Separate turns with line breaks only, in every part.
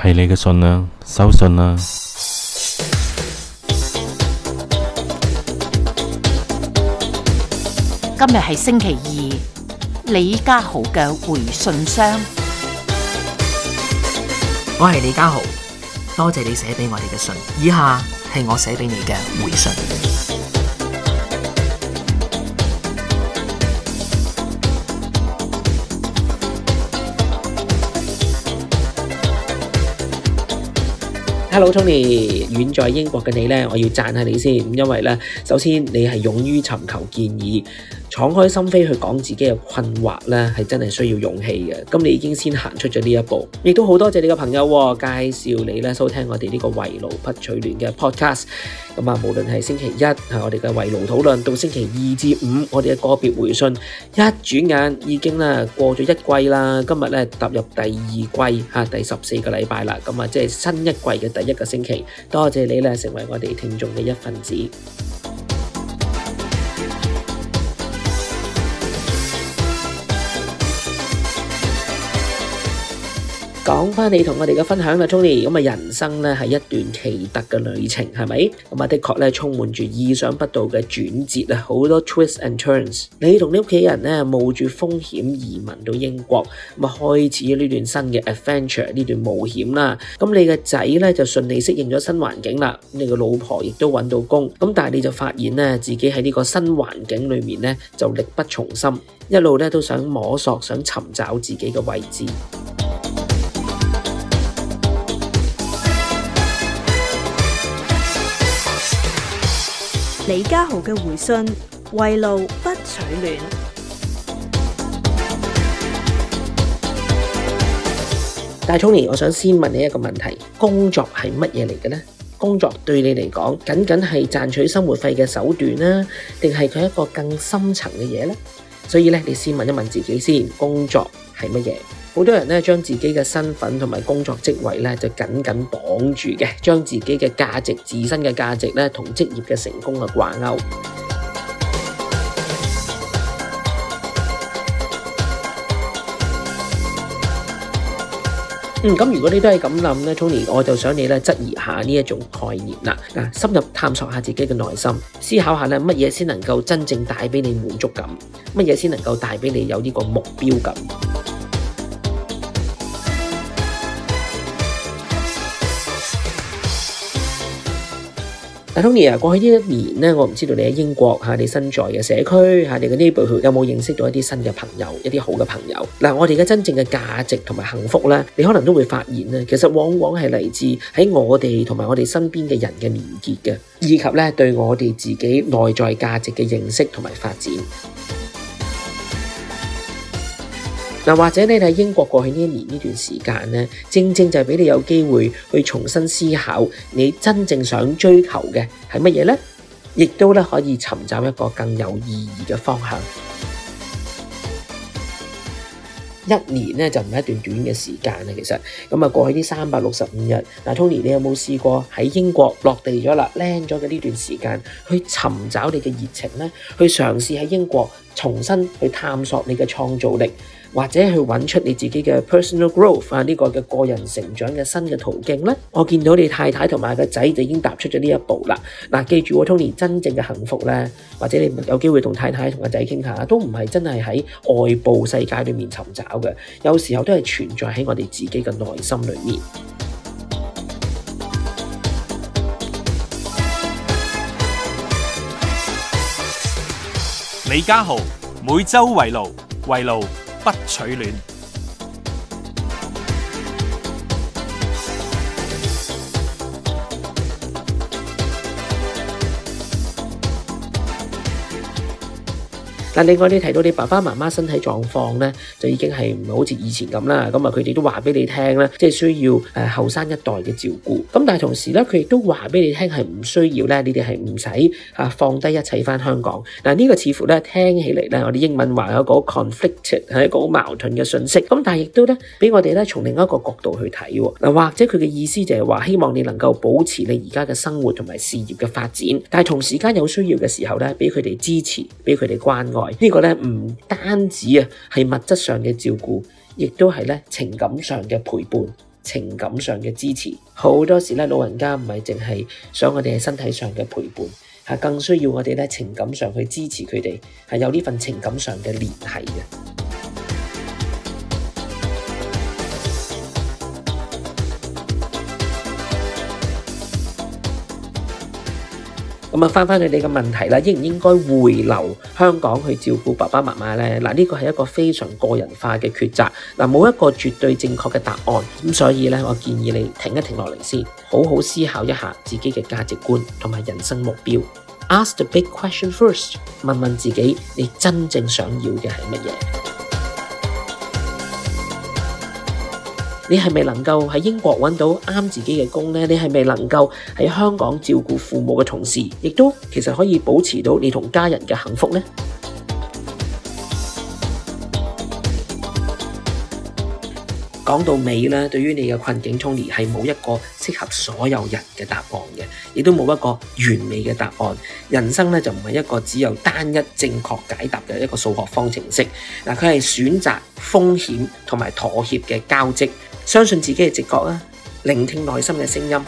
係你嘅信啦，收信啦！今日係星期二，李家豪嘅回信箱。我係李家豪，多謝你寫俾我哋嘅信，以下係我寫俾你嘅回信。Hello Tony，遠在英國嘅你呢，我要讚下你先，因為呢，首先你係勇於尋求建議。敞開心扉去講自己嘅困惑咧，係真係需要勇氣嘅。咁你已經先行出咗呢一步，亦都好多謝你嘅朋友介紹你咧收聽我哋呢、這個圍爐不取暖嘅 Podcast。咁啊，無論係星期一係我哋嘅圍爐討論，到星期二至五我哋嘅個別回信，一轉眼已經咧過咗一季啦。今日咧踏入第二季第十四個禮拜啦，咁啊即係新一季嘅第一個星期。多謝你咧成為我哋聽眾嘅一份子。講翻你同我哋嘅分享啦，Tony。咁啊，人生咧係一段奇特嘅旅程，係咪？咁啊，的確咧充滿住意想不到嘅轉折啊，好多 twists and turns。你同你屋企人咧冒住風險移民到英國，咁啊開始呢段新嘅 adventure，呢段冒險啦。咁你嘅仔咧就順利適應咗新環境啦。咁你嘅老婆亦都揾到工，咁但係你就發現咧自己喺呢個新環境裏面咧就力不從心，一路咧都想摸索、想尋找自己嘅位置。李家豪嘅回信：為路不取暖。大聰，我想先問你一個問題：工作係乜嘢嚟嘅咧？工作對你嚟講，僅僅係賺取生活費嘅手段啦，定係佢一個更深層嘅嘢咧？所以咧，你先問一問自己先，工作係乜嘢？好多人咧，將自己嘅身份同埋工作職位咧，就緊緊綁住嘅，將自己嘅價值、自身嘅價值咧，同職業嘅成功去掛鈎。嗯，咁如果你都係咁諗咧，Tony，我就想你咧質疑下呢一種概念啦。嗱，深入探索下自己嘅內心，思考下咧，乜嘢先能夠真正帶俾你滿足感？乜嘢先能夠帶俾你有呢個目標感？今年啊，過去呢一年呢，我唔知道你喺英國嚇，你身在嘅社區嚇，你嘅 neighborhood 有冇認識到一啲新嘅朋友，一啲好嘅朋友？嗱，我哋嘅真正嘅價值同埋幸福呢，你可能都會發現呢，其實往往係嚟自喺我哋同埋我哋身邊嘅人嘅連結嘅，以及呢對我哋自己內在價值嘅認識同埋發展。嗱，或者你喺英國過去呢一年呢段時間咧，正正就係俾你有機會去重新思考你真正想追求嘅係乜嘢咧，亦都咧可以尋找一個更有意義嘅方向。一年咧就唔係一段短嘅時間啊，其實咁啊過去呢三百六十五日嗱，Tony，你有冇試過喺英國落地咗啦，land 咗嘅呢段時間去尋找你嘅熱情咧，去嘗試喺英國重新去探索你嘅創造力。或者去揾出你自己嘅 personal growth 啊呢個嘅個人成長嘅新嘅途徑呢，我見到你太太同埋個仔就已經踏出咗呢一步啦。嗱，記住喎，Tony 真正嘅幸福呢，或者你有機會同太太同個仔傾下，都唔係真係喺外部世界裏面尋找嘅，有時候都係存在喺我哋自己嘅內心裏面。李家豪，每周圍爐圍爐。不取暖。另外你提到你爸爸媽媽身體狀況呢，就已經係唔好似以前咁啦。咁啊，佢哋都話俾你聽咧，即係需要誒後生一代嘅照顧。但係同時呢，佢亦都話俾你聽係唔需要呢，你哋係唔使放低一切返香港。嗱，呢個似乎咧，聽起嚟我哋英文話有個 conflicted 係、啊、一個好矛盾嘅訊息。但係亦都呢俾我哋咧從另一個角度去睇嗱、哦，或者佢嘅意思就係話希望你能夠保持你而家嘅生活同埋事業嘅發展，但係同時間有需要嘅時候咧，俾佢哋支持，俾佢哋關愛。呢、這個咧唔單止啊係物質上嘅照顧，亦都係咧情感上嘅陪伴、情感上嘅支持。好多時咧，老人家唔係淨係想我哋喺身體上嘅陪伴，係更需要我哋咧情感上去支持佢哋，係有呢份情感上嘅聯繫嘅。咁啊，翻翻去你嘅問題啦，應唔應該回流香港去照顧爸爸媽媽呢？嗱，呢個係一個非常個人化嘅抉擇，嗱，冇一個絕對正確嘅答案。咁所以呢，我建議你停一停落嚟先，好好思考一下自己嘅價值觀同埋人生目標。Ask the big question first，問問自己你真正想要嘅係乜嘢？你係咪能夠喺英國揾到啱自己嘅工呢？你係咪能夠喺香港照顧父母嘅同時，亦都其實可以保持到你同家人嘅幸福呢。講到尾啦，對於你嘅困境，Tony 係冇一個適合所有人嘅答案嘅，亦都冇一個完美嘅答案。人生呢，就唔係一個只有單一正確解答嘅一個數學方程式。嗱，佢係選擇風險同埋妥協嘅交織。相信自己嘅直覺啊！聆聽內心嘅聲音。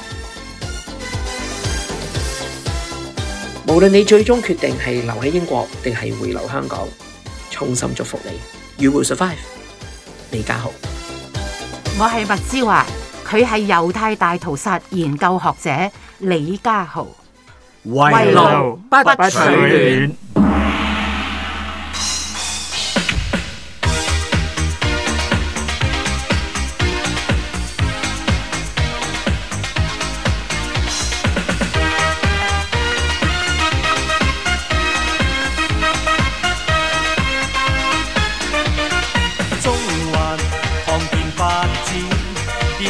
無論你最終決定係留喺英國定係回流香港，衷心祝福你，You will survive。李家豪，我係麥之華，佢係猶太大屠殺研究學者李家豪。圍爐不取暖。